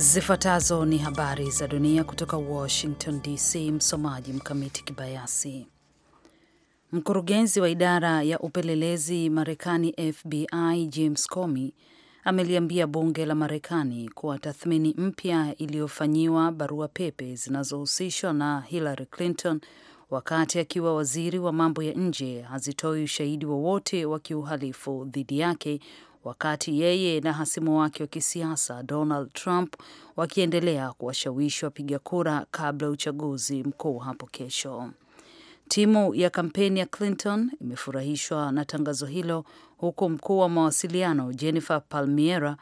Zifuatazo ni habari za dunia kutoka Washington DC. Msomaji Mkamiti Kibayasi. Mkurugenzi wa idara ya upelelezi Marekani FBI James Comey ameliambia bunge la Marekani kuwa tathmini mpya iliyofanyiwa barua pepe zinazohusishwa na Hillary Clinton wakati akiwa waziri wa mambo ya nje hazitoi ushahidi wowote wa, wa kiuhalifu dhidi yake wakati yeye na hasimu wake wa kisiasa Donald Trump wakiendelea kuwashawishi wapiga kura kabla ya uchaguzi mkuu hapo kesho. Timu ya kampeni ya Clinton imefurahishwa na tangazo hilo, huku mkuu wa mawasiliano Jennifer Palmiera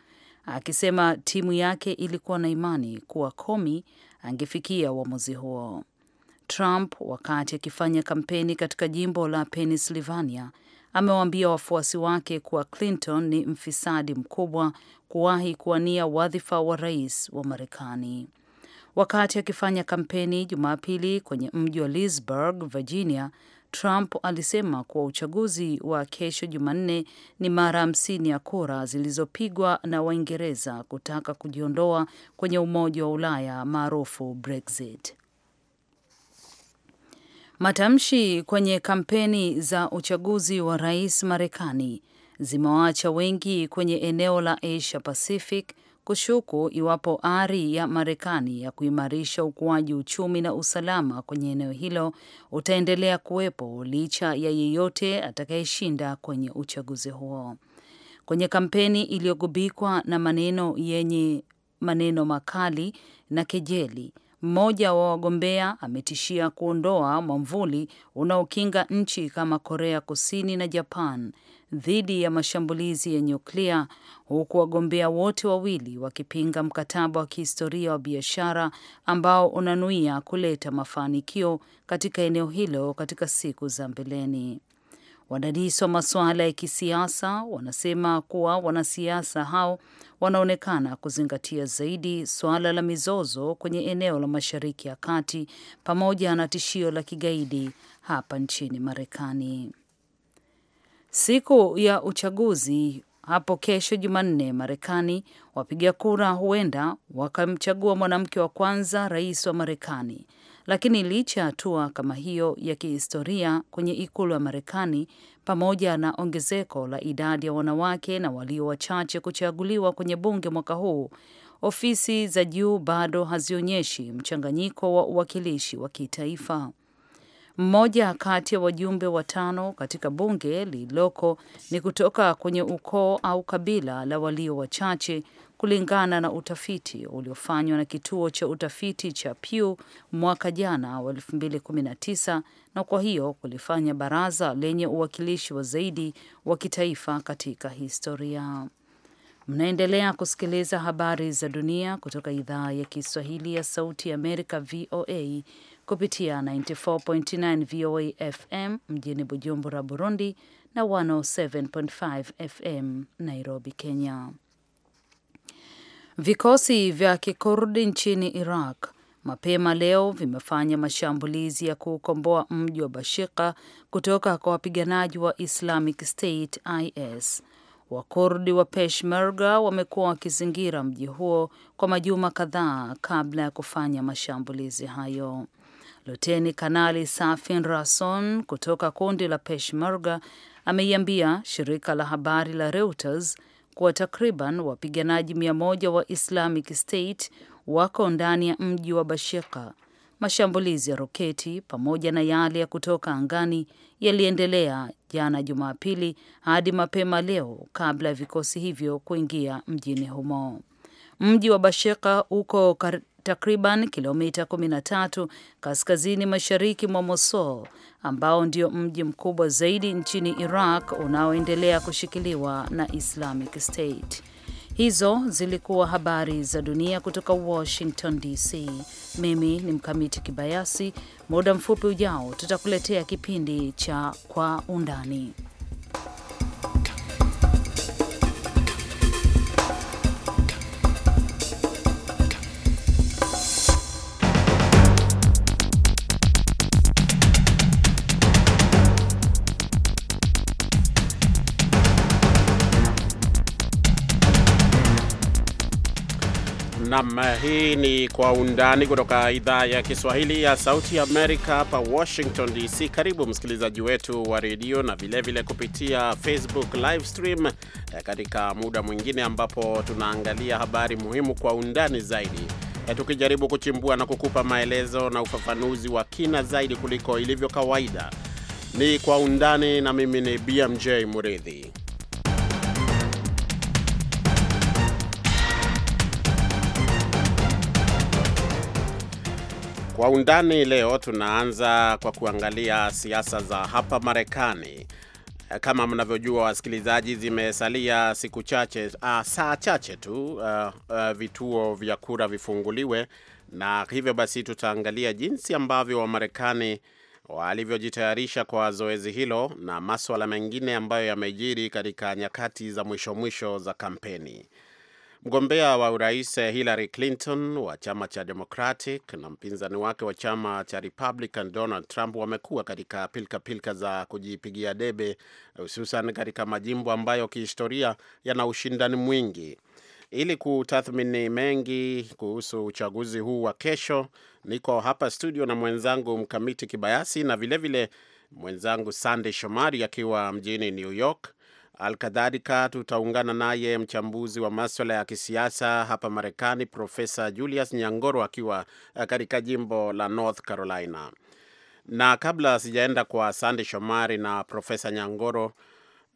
akisema timu yake ilikuwa na imani kuwa Comey angefikia uamuzi huo. Trump wakati akifanya kampeni katika jimbo la Pennsylvania amewaambia wafuasi wake kuwa Clinton ni mfisadi mkubwa kuwahi kuwania wadhifa wa rais wa Marekani. Wakati akifanya kampeni Jumapili kwenye mji wa Leesburg, Virginia, Trump alisema kuwa uchaguzi wa kesho Jumanne ni mara hamsini ya kura zilizopigwa na Waingereza kutaka kujiondoa kwenye Umoja wa Ulaya maarufu Brexit. Matamshi kwenye kampeni za uchaguzi wa rais Marekani zimewaacha wengi kwenye eneo la Asia Pacific kushuku iwapo ari ya Marekani ya kuimarisha ukuaji uchumi na usalama kwenye eneo hilo utaendelea kuwepo licha ya yeyote atakayeshinda kwenye uchaguzi huo. Kwenye kampeni iliyogubikwa na maneno yenye maneno makali na kejeli, mmoja wa wagombea ametishia kuondoa mwamvuli unaokinga nchi kama Korea Kusini na Japan dhidi ya mashambulizi ya nyuklia, huku wagombea wote wawili wakipinga mkataba wa kihistoria wa biashara ambao unanuia kuleta mafanikio katika eneo hilo katika siku za mbeleni. Wadadisi wa masuala ya kisiasa wanasema kuwa wanasiasa hao wanaonekana kuzingatia zaidi suala la mizozo kwenye eneo la Mashariki ya Kati pamoja na tishio la kigaidi hapa nchini Marekani. Siku ya uchaguzi hapo kesho Jumanne Marekani, wapiga kura huenda wakamchagua mwanamke wa kwanza rais wa Marekani lakini licha ya hatua kama hiyo ya kihistoria kwenye ikulu ya Marekani pamoja na ongezeko la idadi ya wanawake na walio wachache kuchaguliwa kwenye bunge mwaka huu, ofisi za juu bado hazionyeshi mchanganyiko wa uwakilishi wa kitaifa. Mmoja kati ya wajumbe watano katika bunge lililoko ni kutoka kwenye ukoo au kabila la walio wachache kulingana na utafiti uliofanywa na kituo cha utafiti cha Pew mwaka jana wa 2019 na kwa hiyo kulifanya baraza lenye uwakilishi wa zaidi wa kitaifa katika historia. Mnaendelea kusikiliza habari za dunia kutoka idhaa ya Kiswahili ya Sauti ya Amerika, VOA, kupitia 94.9 VOA FM mjini Bujumbura, Burundi na 107.5 FM Nairobi, Kenya. Vikosi vya kikurdi nchini Iraq mapema leo vimefanya mashambulizi ya kuukomboa mji wa Bashika kutoka kwa wapiganaji wa Islamic State IS. Wakurdi wa Peshmerga wamekuwa wakizingira mji huo kwa majuma kadhaa kabla ya kufanya mashambulizi hayo. Luteni Kanali Safin Rason kutoka kundi la Peshmerga ameiambia shirika la habari la Reuters kuwa takriban wapiganaji mia moja wa Islamic State wako ndani ya mji wa Bashika. Mashambulizi ya roketi pamoja na yale ya kutoka angani yaliendelea jana Jumapili hadi mapema leo kabla ya vikosi hivyo kuingia mjini humo. Mji wa Basheka uko takriban kilomita 13 kaskazini mashariki mwa Mosul ambao ndio mji mkubwa zaidi nchini Iraq unaoendelea kushikiliwa na Islamic State. Hizo zilikuwa habari za dunia kutoka Washington DC. Mimi ni Mkamiti Kibayasi. Muda mfupi ujao tutakuletea kipindi cha Kwa Undani. Nam, hii ni Kwa Undani kutoka idhaa ya Kiswahili ya Sauti ya Amerika hapa Washington DC. Karibu msikilizaji wetu wa redio na vilevile vile kupitia Facebook live stream eh, katika muda mwingine ambapo tunaangalia habari muhimu kwa undani zaidi, eh, tukijaribu kuchimbua na kukupa maelezo na ufafanuzi wa kina zaidi kuliko ilivyo kawaida. Ni Kwa Undani na mimi ni BMJ Muridhi. Kwa undani leo tunaanza kwa kuangalia siasa za hapa Marekani. Eh, kama mnavyojua wasikilizaji, zimesalia siku chache, uh, saa chache tu uh, uh, vituo vya kura vifunguliwe, na hivyo basi tutaangalia jinsi ambavyo Wamarekani walivyojitayarisha kwa zoezi hilo na maswala mengine ambayo yamejiri katika nyakati za mwisho mwisho za kampeni. Mgombea wa urais eh, Hillary Clinton wa chama cha Democratic na mpinzani wake wa chama cha Republican Donald Trump wamekuwa katika pilkapilka za kujipigia debe, eh, hususan katika majimbo ambayo kihistoria yana ushindani mwingi. Ili kutathmini mengi kuhusu uchaguzi huu wa kesho, niko hapa studio na mwenzangu Mkamiti Kibayasi na vilevile vile mwenzangu Sandey Shomari akiwa mjini New York Alkadhalika tutaungana naye mchambuzi wa maswala ya kisiasa hapa Marekani, Profesa Julius Nyangoro akiwa eh, katika jimbo la North Carolina. Na kabla sijaenda kwa Sande Shomari na Profesa Nyangoro,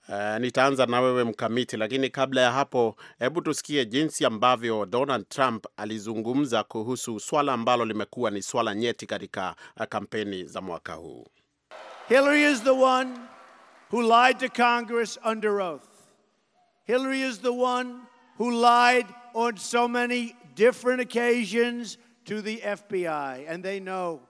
Uh, nitaanza na wewe mkamiti, lakini kabla ya hapo, hebu tusikie jinsi ambavyo Donald Trump alizungumza kuhusu swala ambalo limekuwa ni swala nyeti katika eh, kampeni za mwaka huu. Hillary is the one who lied to Congress under oath. Hillary is the one who lied on so many different occasions to the FBI and they know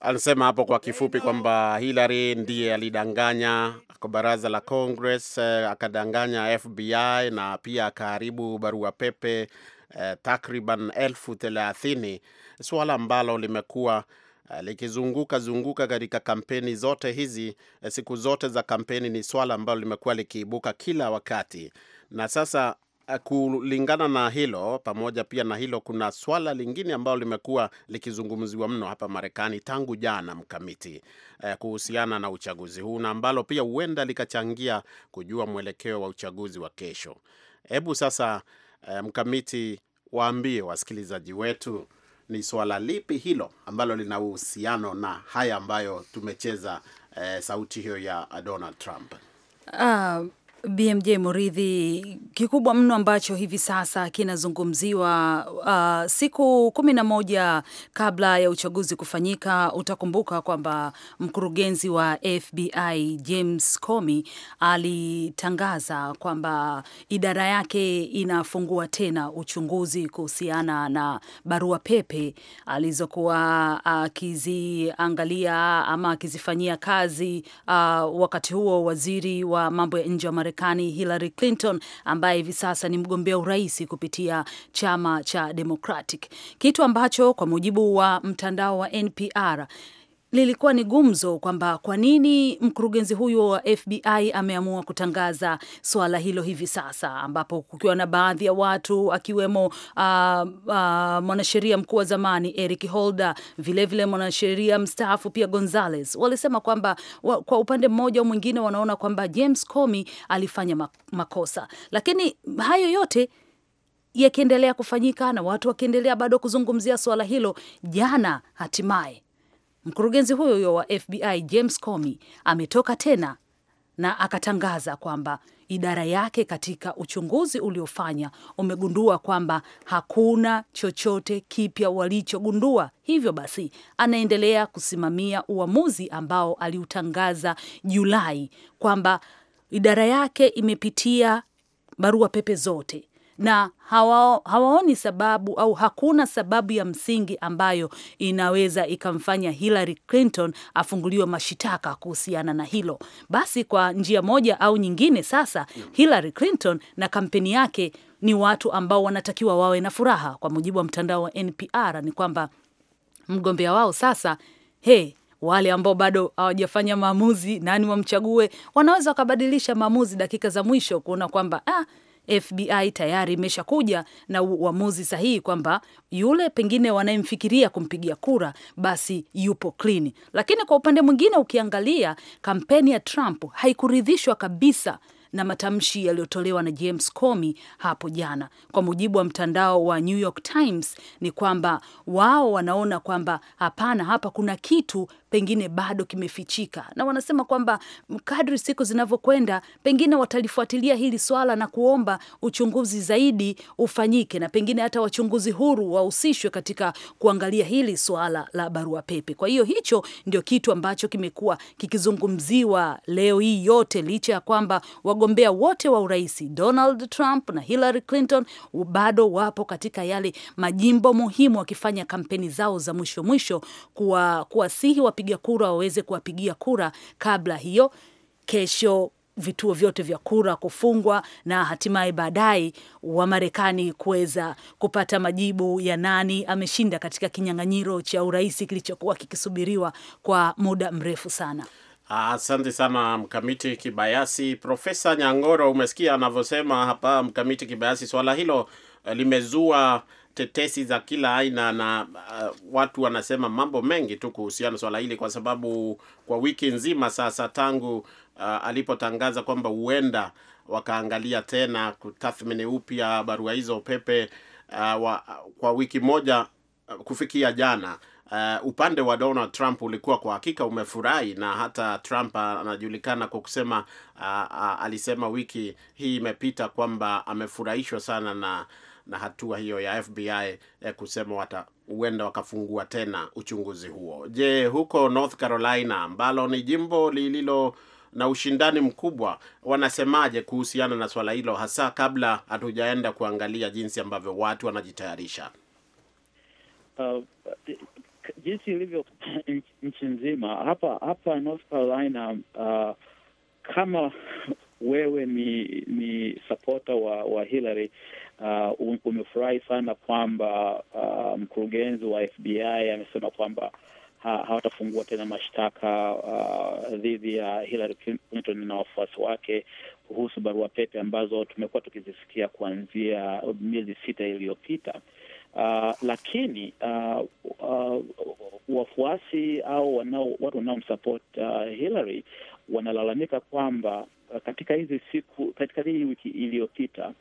Alisema hapo kwa kifupi kwamba Hillary ndiye alidanganya kwa baraza la Congress, eh, akadanganya FBI na pia akaharibu barua pepe eh, takriban elfu thelathini, suala ambalo limekuwa likizunguka zunguka katika kampeni zote hizi. Eh, siku zote za kampeni ni swala ambalo limekuwa likiibuka kila wakati, na sasa eh, kulingana na hilo, pamoja pia na hilo, kuna swala lingine ambalo limekuwa likizungumziwa mno hapa Marekani tangu jana mkamiti, eh, kuhusiana na uchaguzi huu na ambalo pia huenda likachangia kujua mwelekeo wa uchaguzi wa kesho. Hebu sasa, eh, mkamiti, waambie wasikilizaji wetu ni swala lipi hilo ambalo lina uhusiano na haya ambayo tumecheza eh, sauti hiyo ya Donald Trump? Uh, BMJ Muridhi, kikubwa mno ambacho hivi sasa kinazungumziwa uh, siku kumi na moja kabla ya uchaguzi kufanyika. Utakumbuka kwamba mkurugenzi wa FBI James Comey alitangaza kwamba idara yake inafungua tena uchunguzi kuhusiana na barua pepe alizokuwa akiziangalia ama akizifanyia kazi uh, wakati huo waziri wa mambo ya nje wa Marekani Hillary Clinton ambaye hivi sasa ni mgombea urais kupitia chama cha Democratic, kitu ambacho kwa mujibu wa mtandao wa NPR lilikuwa ni gumzo kwamba kwa nini mkurugenzi huyo wa FBI ameamua kutangaza swala hilo hivi sasa, ambapo kukiwa na baadhi ya watu akiwemo uh, uh, mwanasheria mkuu wa zamani Eric Holder, vilevile mwanasheria mstaafu pia Gonzales, walisema kwamba wa, kwa upande mmoja au mwingine wanaona kwamba James Comey alifanya makosa, lakini hayo yote yakiendelea kufanyika na watu wakiendelea bado kuzungumzia swala hilo, jana hatimaye Mkurugenzi huyo wa FBI James Comey ametoka tena na akatangaza kwamba idara yake katika uchunguzi uliofanya umegundua kwamba hakuna chochote kipya walichogundua. Hivyo basi, anaendelea kusimamia uamuzi ambao aliutangaza Julai kwamba idara yake imepitia barua pepe zote na hawa, hawaoni sababu au hakuna sababu ya msingi ambayo inaweza ikamfanya Hillary Clinton afunguliwe mashitaka kuhusiana na hilo. Basi kwa njia moja au nyingine, sasa Hillary Clinton na kampeni yake ni watu ambao wanatakiwa wawe na furaha. Kwa mujibu wa mtandao wa NPR ni kwamba mgombea wao sasa, he wale ambao bado hawajafanya maamuzi nani wamchague, wanaweza wakabadilisha maamuzi dakika za mwisho kuona kwamba ah, FBI tayari imeshakuja na uamuzi sahihi kwamba yule pengine wanayemfikiria kumpigia kura basi yupo clean. Lakini kwa upande mwingine, ukiangalia kampeni ya Trump haikuridhishwa kabisa na matamshi yaliyotolewa na James Comey hapo jana. Kwa mujibu wa mtandao wa New York Times, ni kwamba wao wanaona kwamba hapana, hapa kuna kitu pengine bado kimefichika, na wanasema kwamba kadri siku zinavyokwenda, pengine watalifuatilia hili swala na kuomba uchunguzi zaidi ufanyike, na pengine hata wachunguzi huru wahusishwe katika kuangalia hili swala la barua pepe. Kwa hiyo hicho ndio kitu ambacho kimekuwa kikizungumziwa leo hii yote, licha ya kwamba wagombea wote wa urais Donald Trump na Hillary Clinton bado wapo katika yale majimbo muhimu, wakifanya kampeni zao za mwisho mwisho, kuwasihi wapiga kura waweze kuwapigia kura kabla hiyo kesho vituo vyote vya kura kufungwa na hatimaye baadaye Wamarekani kuweza kupata majibu ya nani ameshinda katika kinyang'anyiro cha urais kilichokuwa kikisubiriwa kwa muda mrefu sana. Asante sana Mkamiti Kibayasi. Profesa Nyangoro, umesikia anavyosema hapa Mkamiti Kibayasi, swala hilo eh, limezua tetesi za kila aina na uh, watu wanasema mambo mengi tu kuhusiana swala hili, kwa sababu kwa wiki nzima sasa tangu uh, alipotangaza kwamba huenda wakaangalia tena kutathmini upya barua hizo pepe uh, wa, kwa wiki moja uh, kufikia jana Uh, upande wa Donald Trump ulikuwa kwa hakika umefurahi, na hata Trump anajulikana kwa kusema uh, uh, alisema wiki hii imepita kwamba amefurahishwa sana na na hatua hiyo ya FBI eh, kusema wata huenda wakafungua tena uchunguzi huo. Je, huko North Carolina ambalo ni jimbo lililo na ushindani mkubwa, wanasemaje kuhusiana na swala hilo, hasa kabla hatujaenda kuangalia jinsi ambavyo watu wanajitayarisha? Uh, jinsi ilivyo nchi nzima hapa hapa North Carolina. Uh, kama wewe ni ni sapota wa wa Hillary uh, umefurahi sana kwamba uh, mkurugenzi wa FBI amesema kwamba ha, hawatafungua tena mashtaka uh, dhidi ya Hillary Clinton na wafuasi wake kuhusu barua pepe ambazo tumekuwa tukizisikia kuanzia miezi sita iliyopita. Ah, lakini uh, uh, wafuasi au wanao, watu wanaomsupport uh, Hillary wanalalamika kwamba katika hizi siku katika hii wiki iliyopita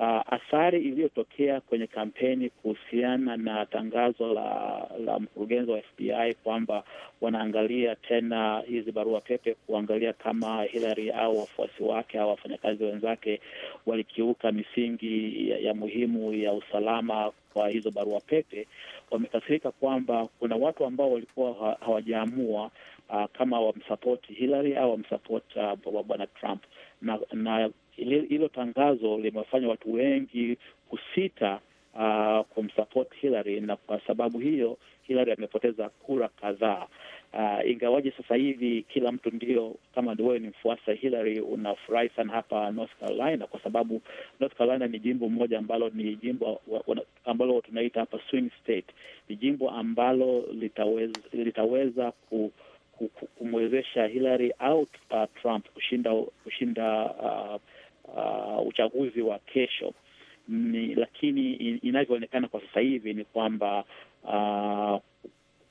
uh, athari iliyotokea kwenye kampeni kuhusiana na tangazo la la mkurugenzi wa FBI kwamba wanaangalia tena hizi barua pepe kuangalia kama Hillary au wafuasi wake au wafanyakazi wenzake walikiuka misingi ya, ya muhimu ya usalama kwa hizo barua pepe, wamekasirika kwamba kuna watu ambao walikuwa hawajaamua uh, kama wamsapoti Hillary au wamsapoti uh, ah, bwana Trump na, na hilo tangazo limewafanya watu wengi kusita uh, kumsupport Hillary, na kwa sababu hiyo Hillary amepoteza kura kadhaa. Uh, ingawaje sasa hivi kila mtu ndio, kama wewe ni mfuasi Hillary unafurahi sana hapa North Carolina, kwa sababu North Carolina ni jimbo moja ambalo ni jimbo ambalo tunaita hapa swing state, ni jimbo ambalo litaweza, litaweza ku kumwezesha Hillary au uh, Trump kushinda kushinda uh, uh, uchaguzi wa kesho ni, lakini inavyoonekana kwa sasa hivi ni kwamba uh,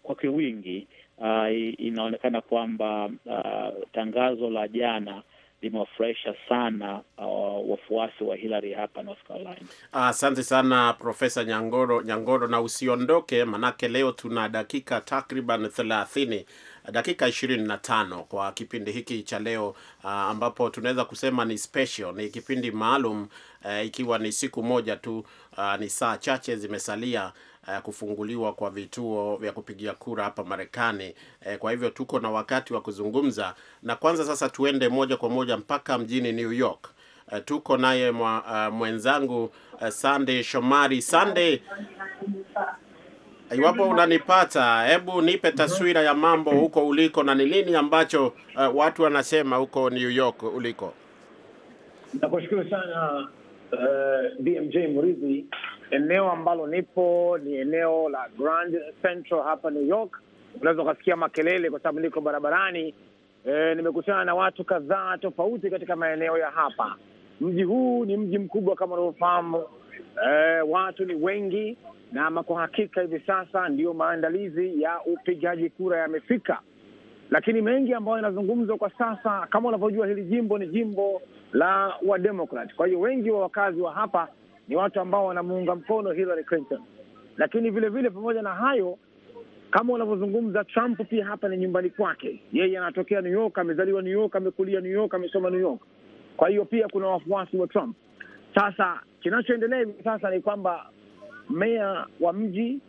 kwa kiwingi uh, inaonekana kwamba uh, tangazo la jana limewafurahisha sana uh, wafuasi wa Hillary hapa North Carolina. Asante ah, sana Profesa Nyangoro, Nyangoro, na usiondoke manake leo tuna dakika takriban thelathini dakika 25 kwa kipindi hiki cha leo uh, ambapo tunaweza kusema ni special, ni kipindi maalum uh, ikiwa ni siku moja tu uh, ni saa chache zimesalia uh, kufunguliwa kwa vituo vya kupigia kura hapa Marekani. Uh, kwa hivyo tuko na wakati wa kuzungumza, na kwanza sasa tuende moja kwa moja mpaka mjini New York. Uh, tuko naye uh, mwenzangu uh, Sunday Shomari. Sunday Iwapo unanipata, hebu nipe mhm. taswira ya mambo mm. huko uliko na ni nini ambacho uh, watu wanasema huko New York uliko. Nakushukuru sana uh, eh, BMJ Muridhi. Eneo ambalo nipo ni eneo la Grand Central hapa New York. Unaweza ukasikia makelele kwa sababu niko barabarani. E, nimekutana na watu kadhaa tofauti katika maeneo ya hapa. Mji huu ni mji mkubwa kama unavyofahamu eh, watu ni wengi na ama kwa hakika hivi sasa ndiyo maandalizi ya upigaji kura yamefika, lakini mengi ambayo yanazungumzwa kwa sasa, kama unavyojua, hili jimbo ni jimbo la Wademokrat. Kwa hiyo wengi wa wakazi wa hapa ni watu ambao wanamuunga mkono Hillary Clinton, lakini vilevile vile, pamoja na hayo, kama unavyozungumza, Trump pia hapa ni nyumbani kwake, yeye anatokea New York, amezaliwa New York, amekulia New York, amesoma New York. Kwa hiyo pia kuna wafuasi wa Trump sasa kinachoendelea hivi sasa ni kwamba meya wa mji,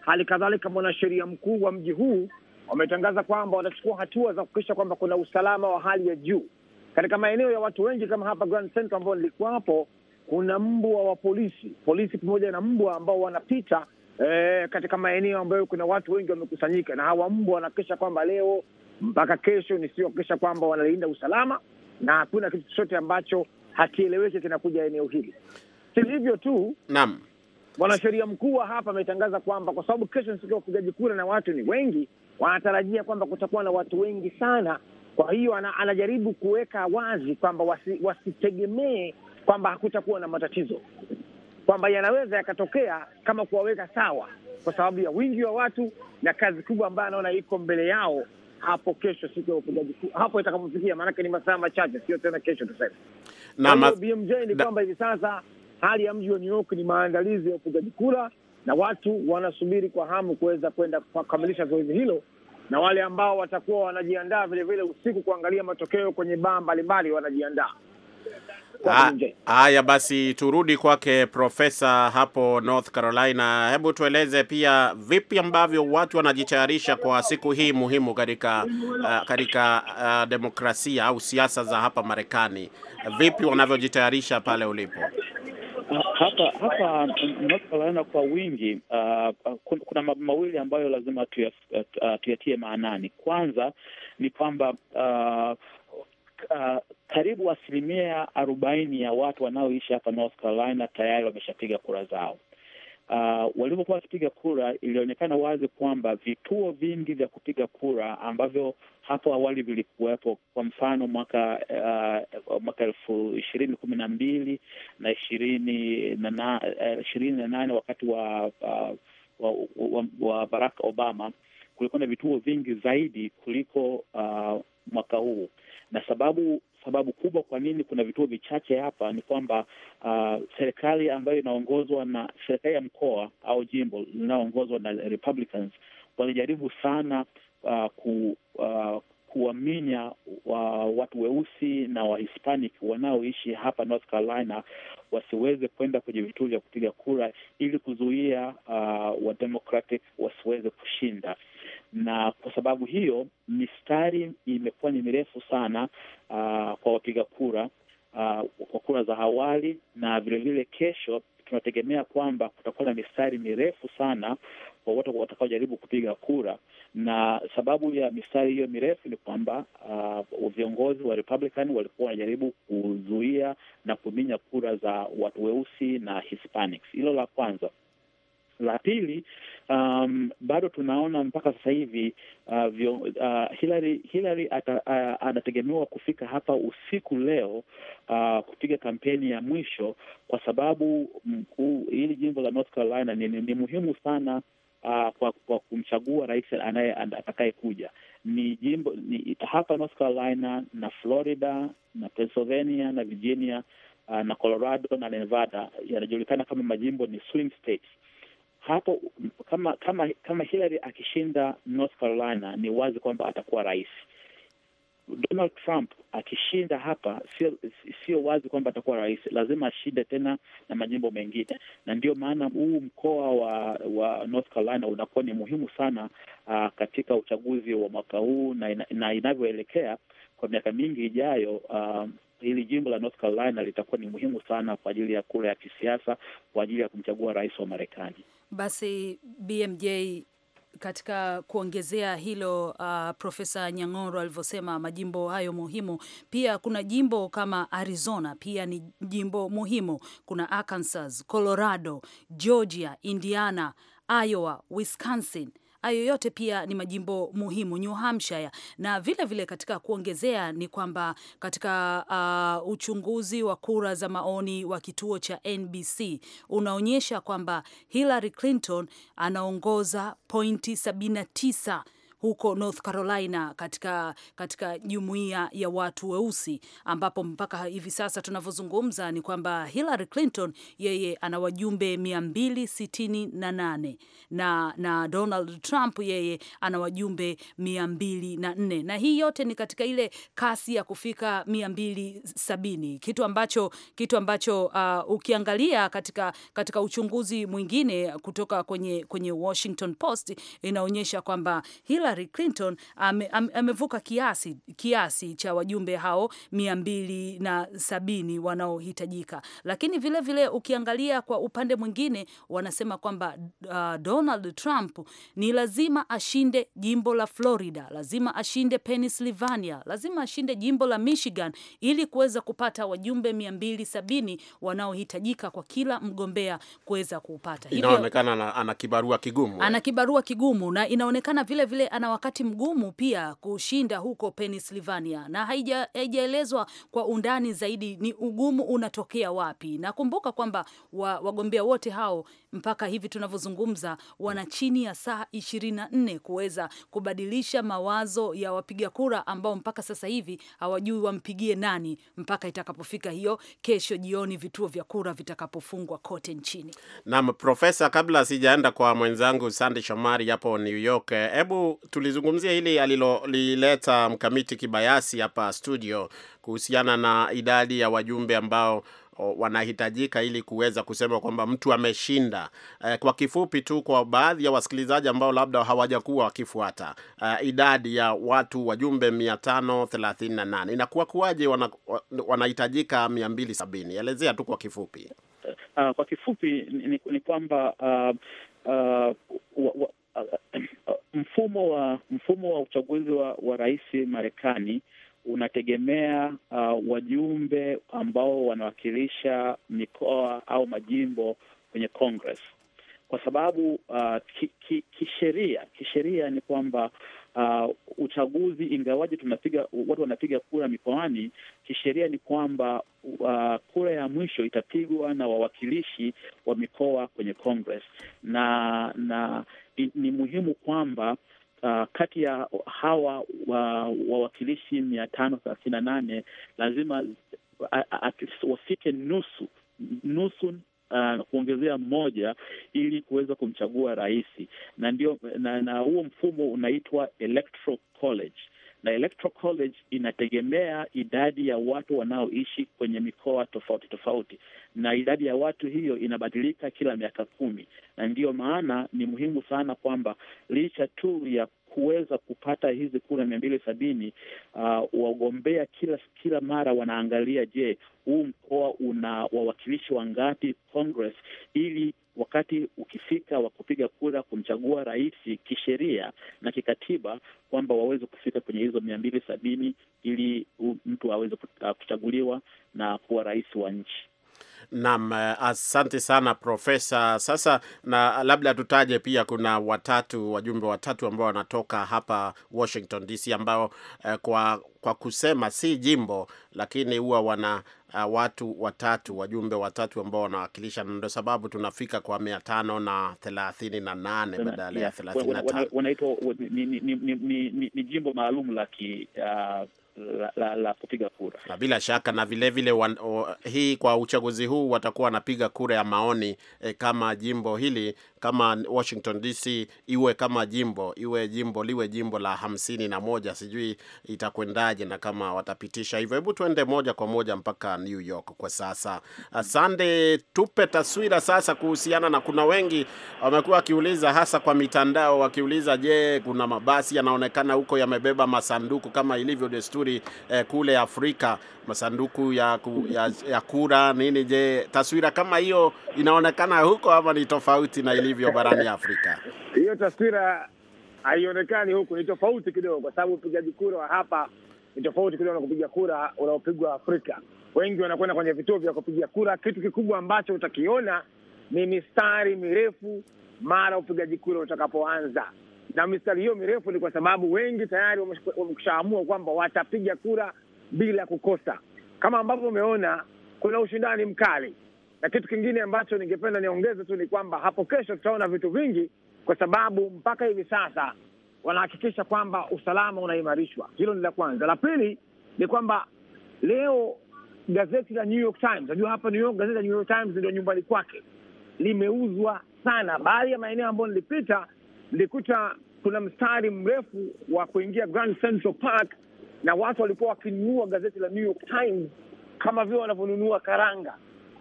hali kadhalika mwanasheria mkuu wa mji huu wametangaza kwamba watachukua hatua za kuhakikisha kwamba kuna usalama wa hali ya juu katika maeneo ya watu wengi kama hapa Grand Central ambayo nilikuwa hapo. Kuna mbwa wa polisi polisi pamoja na mbwa ambao wanapita e, katika maeneo ambayo kuna watu wengi wamekusanyika, na hawa mbwa wanahakikisha kwamba leo mpaka kesho ni sio kuhakikisha kwamba wanalinda usalama na hakuna kitu chochote ambacho hakieleweki kinakuja eneo hili. Si hivyo tu, naam, mwanasheria mkuu wa hapa ametangaza kwamba kwa sababu kesho ni siku ya upigaji kura na watu ni wengi, wanatarajia kwamba kutakuwa na watu wengi sana. Kwa hiyo ana, anajaribu kuweka wazi kwamba wasi, wasitegemee kwamba hakutakuwa na matatizo, kwamba yanaweza yakatokea kama kuwaweka sawa kwa sababu ya wingi wa watu na kazi kubwa ambayo anaona iko mbele yao hapo kesho, siku ya upigaji hapo itakapofikia, maanake ni masaa machache, sio tena kesho tuseme na ma... BMJ ni kwamba hivi sasa hali ya mji wa New York ni maandalizi ya upigaji kura, na watu wanasubiri kwa hamu kuweza kwenda kukamilisha zoezi hilo, na wale ambao watakuwa wanajiandaa vilevile usiku kuangalia matokeo kwenye baa mbalimbali wanajiandaa. Ah, haya basi, turudi kwake profesa hapo North Carolina. Hebu tueleze pia vipi ambavyo watu wanajitayarisha kwa siku hii muhimu katika uh, katika uh, demokrasia au siasa za hapa Marekani, vipi wanavyojitayarisha pale ulipo? Hapa hapa North Carolina kwa wingi uh, kuna mambo mawili ambayo lazima tuyatie maanani. Kwanza ni kwamba uh, uh, karibu asilimia arobaini ya watu wanaoishi hapa North Carolina tayari wameshapiga kura zao. Uh, walivyokuwa wakipiga kura, ilionekana wazi kwamba vituo vingi vya kupiga kura ambavyo hapo awali vilikuwepo, kwa mfano mwaka uh, mwaka elfu ishirini kumi na mbili na ishirini na uh, ishirini na nane wakati wa, uh, wa, wa, wa Barack Obama kulikuwa na vituo vingi zaidi kuliko uh, mwaka huu na sababu sababu kubwa kwa nini kuna vituo vichache hapa ni kwamba uh, serikali ambayo inaongozwa na serikali ya mkoa au jimbo linaoongozwa na Republicans walijaribu sana uh, ku, uh, kuwaminya uh, watu weusi na Wahispanic wanaoishi hapa North Carolina wasiweze kwenda kwenye vituo vya kupiga kura ili kuzuia uh, Wademocratic wasiweze kushinda na kwa sababu hiyo mistari imekuwa ni mirefu sana uh, kwa wapiga kura uh, kwa kura za awali, na vilevile kesho tunategemea kwamba kutakuwa na mistari mirefu sana kwa wote watakaojaribu kupiga kura, na sababu ya mistari hiyo mirefu ni kwamba uh, viongozi wa Republican walikuwa wanajaribu kuzuia na kuminya kura za watu weusi na Hispanics. Hilo la kwanza. La pili, um, bado tunaona mpaka sasa hivi uh, vio, uh, Hillary, Hillary ata, uh, anategemewa kufika hapa usiku leo uh, kupiga kampeni ya mwisho kwa sababu hili jimbo la North Carolina ni, ni, ni muhimu sana uh, kwa, kwa kumchagua rais anaye atakayekuja ni jimbo ni, hapa North Carolina na Florida na Pennsylvania na Virginia uh, na Colorado na Nevada yanajulikana kama majimbo ni swing states hapo kama kama kama Hillary akishinda North Carolina, ni wazi kwamba atakuwa rais. Donald Trump akishinda hapa, sio sio wazi kwamba atakuwa rais, lazima ashinde tena na majimbo mengine, na ndio maana huu mkoa wa wa North Carolina unakuwa ni muhimu sana uh, katika uchaguzi wa mwaka huu na, na inavyoelekea kwa miaka mingi ijayo uh, hili jimbo la North Carolina litakuwa ni muhimu sana kwa ajili ya kura ya kisiasa kwa ajili ya kumchagua rais wa Marekani. Basi BMJ katika kuongezea hilo uh, Profesa Nyang'oro alivyosema majimbo hayo muhimu, pia kuna jimbo kama Arizona pia ni jimbo muhimu. Kuna Arkansas, Colorado, Georgia, Indiana, Iowa, Wisconsin Hayo yote pia ni majimbo muhimu, New Hampshire. Na vile vile katika kuongezea ni kwamba katika uh, uchunguzi wa kura za maoni wa kituo cha NBC unaonyesha kwamba Hillary Clinton anaongoza pointi 79 huko North Carolina katika katika jumuiya ya watu weusi, ambapo mpaka hivi sasa tunavyozungumza ni kwamba Hillary Clinton yeye ana wajumbe 268 na, na Donald Trump yeye ana wajumbe 204 na hii yote ni katika ile kasi ya kufika 270 kitu ambacho kitu ambacho uh, ukiangalia katika, katika uchunguzi mwingine kutoka kwenye, kwenye Washington Post inaonyesha kwamba Hillary Hillary Clinton ame, amevuka kiasi, kiasi cha wajumbe hao mia mbili na sabini wanaohitajika, lakini vilevile vile ukiangalia kwa upande mwingine wanasema kwamba uh, Donald Trump ni lazima ashinde jimbo la Florida, lazima ashinde Pennsylvania, lazima ashinde jimbo la Michigan ili kuweza kupata wajumbe sabini wanaohitajika kwa kila mgombea kuweza kuupata. Inaonekana ana kibarua kigumu, ana kibarua kigumu na inaonekana vile vile ana wakati mgumu pia kushinda huko Pennsylvania, na haijaelezwa kwa undani zaidi ni ugumu unatokea wapi. Nakumbuka kwamba wagombea wote hao mpaka hivi tunavyozungumza wana chini ya saa 24 kuweza kubadilisha mawazo ya wapiga kura ambao mpaka sasa hivi hawajui wampigie nani mpaka itakapofika hiyo kesho jioni vituo vya kura vitakapofungwa kote nchini. Naam, Profesa, kabla sijaenda kwa mwenzangu Sande Shomari hapo New York, hebu tulizungumzia hili alilolileta mkamiti kibayasi hapa studio kuhusiana na idadi ya wajumbe ambao wanahitajika ili kuweza kusema kwamba mtu ameshinda. Eh, kwa kifupi tu, kwa baadhi ya wasikilizaji ambao labda hawajakuwa wakifuata eh, idadi ya watu wajumbe 538 inakuwa kuwaje? Wana, wanahitajika 270. Elezea tu kwa kifupi. Uh, kwa kifupi ni, ni, kwamba uh, uh, wa, wa, uh, mfumo wa mfumo wa uchaguzi wa, wa rais Marekani unategemea uh, wajumbe ambao wanawakilisha mikoa au majimbo kwenye Congress kwa sababu uh, kisheria ki, ki kisheria ni kwamba uh, uchaguzi ingawaje tunapiga watu wanapiga kura mikoani, kisheria ni kwamba uh, kura ya mwisho itapigwa na wawakilishi wa mikoa kwenye Congress, na na ni muhimu kwamba Uh, kati ya hawa wawakilishi wa mia tano thelathini na nane lazima wafike nusu nusu Uh, kuongezea mmoja ili kuweza kumchagua rais na ndio na, na huo mfumo unaitwa electoral college na Electoral College inategemea idadi ya watu wanaoishi kwenye mikoa tofauti tofauti, na idadi ya watu hiyo inabadilika kila miaka kumi, na ndiyo maana ni muhimu sana kwamba licha tu ya kuweza kupata hizi kura mia mbili sabini uh, wagombea kila kila mara wanaangalia, je, huu mkoa una wawakilishi wangapi Congress, ili wakati ukifika wa kupiga kura kumchagua rais kisheria na kikatiba, kwamba waweze kufika kwenye hizo mia mbili sabini ili mtu aweze uh, kuchaguliwa na kuwa rais wa nchi. Naam, eh, asante sana profesa. Sasa na labda tutaje pia, kuna watatu wajumbe watatu ambao wanatoka hapa Washington DC ambao eh, kwa kwa kusema si jimbo lakini huwa wana uh, watu watatu wajumbe watatu ambao wanawakilisha, na ndio sababu tunafika kwa mia tano na thelathini na nane badala ya thelathini na tano. Wanaitwa ni jimbo maalum la ki uh, la, la, kupiga kura na bila shaka na vile vile wan, o, hii kwa uchaguzi huu watakuwa wanapiga kura ya maoni e, kama jimbo hili kama Washington DC iwe kama jimbo iwe jimbo liwe jimbo la hamsini na moja, sijui itakwendaje na kama watapitisha hivyo. Hebu tuende moja kwa moja mpaka New York kwa sasa. Asante, tupe taswira sasa kuhusiana na, kuna wengi wamekuwa wakiuliza hasa kwa mitandao wakiuliza, je, kuna mabasi yanaonekana huko yamebeba masanduku kama ilivyo desturi eh, kule Afrika masanduku ya, ku, ya, ya kura nini? Je, taswira kama hiyo inaonekana huko ama ni tofauti na ili ilivyo barani Afrika. Hiyo taswira haionekani huku, ni tofauti kidogo, kwa sababu upigaji kura wa hapa ni tofauti kidogo na kupiga kura unaopigwa Afrika. Wengi wanakwenda kwenye vituo vya kupiga kura. Kitu kikubwa ambacho utakiona ni mistari mirefu mara upigaji kura utakapoanza, na mistari hiyo mirefu ni kwa sababu wengi tayari wameshaamua kwamba watapiga kura bila kukosa, kama ambavyo umeona kuna ushindani mkali na kitu kingine ambacho ningependa niongeze tu ni kwamba hapo kesho tutaona vitu vingi, kwa sababu mpaka hivi sasa wanahakikisha kwamba usalama unaimarishwa. Hilo ni la kwanza. La pili ni kwamba leo gazeti la New York Times, najua hapa New York, gazeti la New York Times ndio nyumbani kwake, limeuzwa sana. Baadhi ya maeneo ambayo nilipita nilikuta kuna mstari mrefu wa kuingia Grand Central Park, na watu walikuwa wakinunua gazeti la New York Times kama vile wanavyonunua karanga.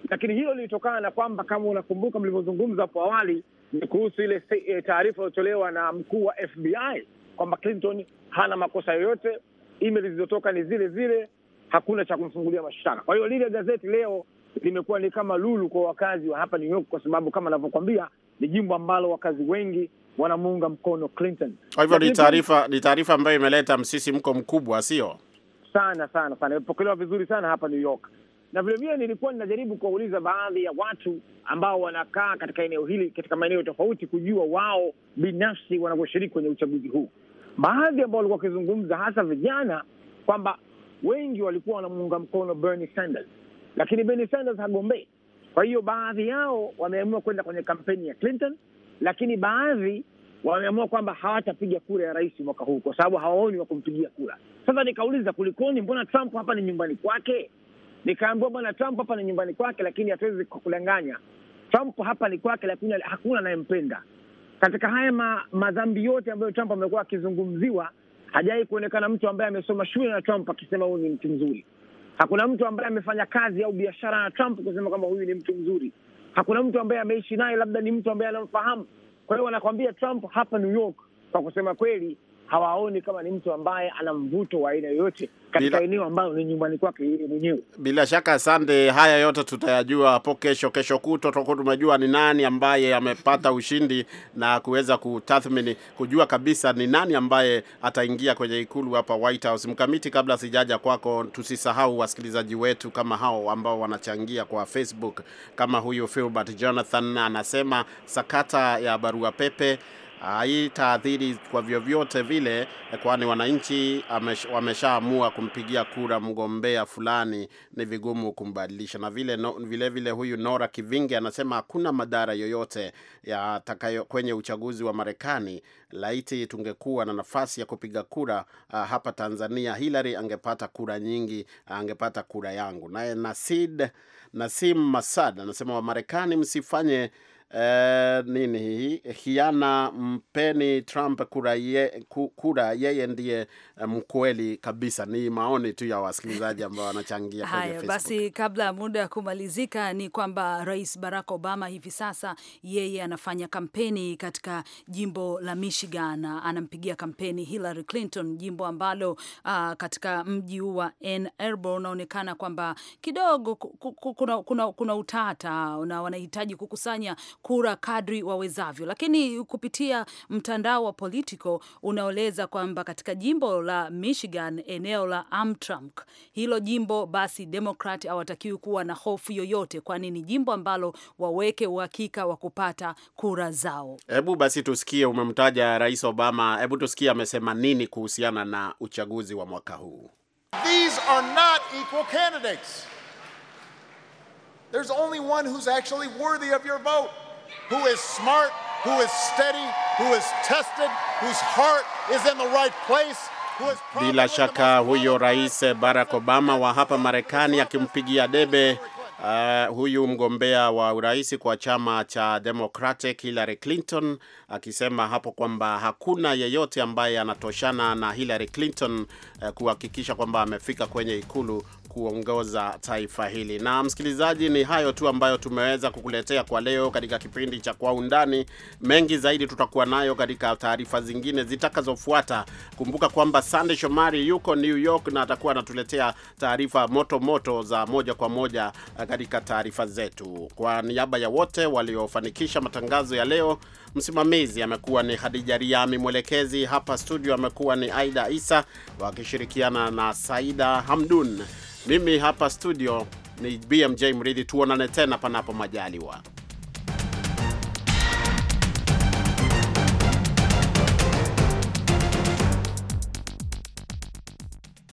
Lakini hilo lilitokana na kwamba kama unakumbuka, mlivyozungumza hapo awali ni kuhusu ile eh, taarifa iliyotolewa na mkuu wa FBI kwamba Clinton hana makosa yoyote, email zilizotoka ni zile zile, hakuna cha kumfungulia mashtaka. Kwa hiyo lile gazeti leo limekuwa ni kama lulu kwa wakazi wa hapa New York, kwa sababu kama anavyokwambia ni jimbo ambalo wakazi wengi wanamuunga mkono Clinton. Kwa hivyo ni taarifa ni taarifa ambayo imeleta msisimko mkubwa, sio sana sana sana, imepokelewa vizuri sana hapa New York na vilevile nilikuwa ninajaribu kuwauliza baadhi ya watu ambao wanakaa katika eneo hili katika maeneo tofauti, kujua wao binafsi wanavyoshiriki kwenye uchaguzi huu. Baadhi ambao walikuwa wakizungumza, hasa vijana, kwamba wengi walikuwa wanamuunga mkono Bernie Sanders, lakini Bernie Sanders hagombei. Kwa hiyo baadhi yao wameamua kwenda kwenye kampeni ya Clinton, lakini baadhi wameamua kwamba hawatapiga kura ya rais mwaka huu kwa sababu hawaoni wa kumpigia kura. Sasa nikauliza kulikoni, mbona Trump hapa ni nyumbani kwake? nikaambiwa bwana Trump hapa ni nyumbani kwake, lakini hatuwezi kudanganya. Trump hapa ni kwake, lakini hakuna anayempenda. Katika haya ma, madhambi yote ambayo Trump amekuwa akizungumziwa, hajawahi kuonekana mtu ambaye amesoma shule na Trump akisema huyu ni mtu mzuri. Hakuna mtu ambaye amefanya kazi au biashara na Trump kusema kwamba huyu ni mtu mzuri. Hakuna mtu ambaye ameishi naye, labda ni mtu ambaye anamfahamu. Kwa hiyo wanakwambia Trump hapa New York, kwa kusema kweli hawaoni kama ni mtu ambaye ana mvuto wa aina yoyote katika eneo ambalo ni nyumbani kwake yeye mwenyewe. Bila shaka, asante. Haya yote tutayajua hapo kesho, kesho kutwa tutakuwa tumejua ni nani ambaye amepata ushindi na kuweza kutathmini, kujua kabisa ni nani ambaye ataingia kwenye ikulu hapa White House. Mkamiti, kabla sijaja kwako, tusisahau wasikilizaji wetu kama hao ambao wanachangia kwa Facebook, kama huyu Philbert Jonathan anasema sakata ya barua pepe haitaathiri kwa vyovyote vile, kwani wananchi wameshaamua kumpigia kura mgombea fulani, ni vigumu kumbadilisha. Na vile no, vile vile huyu Nora Kivinge anasema hakuna madhara yoyote takayo, kwenye uchaguzi wa Marekani. Laiti tungekuwa na nafasi ya kupiga kura uh, hapa Tanzania, Hillary angepata kura nyingi, angepata kura yangu. Naye Nasid Nasim Masad anasema Wamarekani msifanye eh, nini hii hiana, mpeni Trump kura, ye, kura yeye ndiye eh, mkweli kabisa. Ni maoni tu ya wasikilizaji ambao wanachangia kwenye Facebook. Haya basi, kabla ya muda ya kumalizika, ni kwamba Rais Barack Obama hivi sasa yeye anafanya kampeni katika jimbo la Michigan, anampigia kampeni Hillary Clinton, jimbo ambalo uh, katika mji wa Ann Arbor unaonekana kwamba kidogo kuna, kuna, kuna utata na wanahitaji kukusanya kura kadri wawezavyo, lakini kupitia mtandao wa Politico unaoleza kwamba katika jimbo la Michigan, eneo la Amtrak, hilo jimbo basi demokrat hawatakiwi kuwa na hofu yoyote, kwani ni jimbo ambalo waweke uhakika wa kupata kura zao. Hebu basi tusikie, umemtaja Rais Obama, hebu tusikie amesema nini kuhusiana na uchaguzi wa mwaka huu. These are not equal candidates. There's only one who's actually worthy of your vote who is smart, who is steady, who is tested, whose heart is in the right place. Bila shaka huyo Rais Barack Obama wa hapa Marekani akimpigia debe Uh, huyu mgombea wa urais kwa chama cha Democratic Hillary Clinton akisema hapo kwamba hakuna yeyote ambaye anatoshana na Hillary Clinton uh, kuhakikisha kwamba amefika kwenye ikulu kuongoza taifa hili. Na msikilizaji, ni hayo tu ambayo tumeweza kukuletea kwa leo katika kipindi cha Kwa Undani. Mengi zaidi tutakuwa nayo katika taarifa zingine zitakazofuata. Kumbuka kwamba Sande Shomari yuko New York na atakuwa anatuletea taarifa moto moto za moja kwa moja katika taarifa zetu. Kwa niaba ya wote waliofanikisha matangazo ya leo Msimamizi amekuwa ni Hadija Riami, mwelekezi hapa studio amekuwa ni Aida Isa wakishirikiana na Saida Hamdun. Mimi hapa studio ni BMJ Mridhi, tuonane tena panapo majaliwa.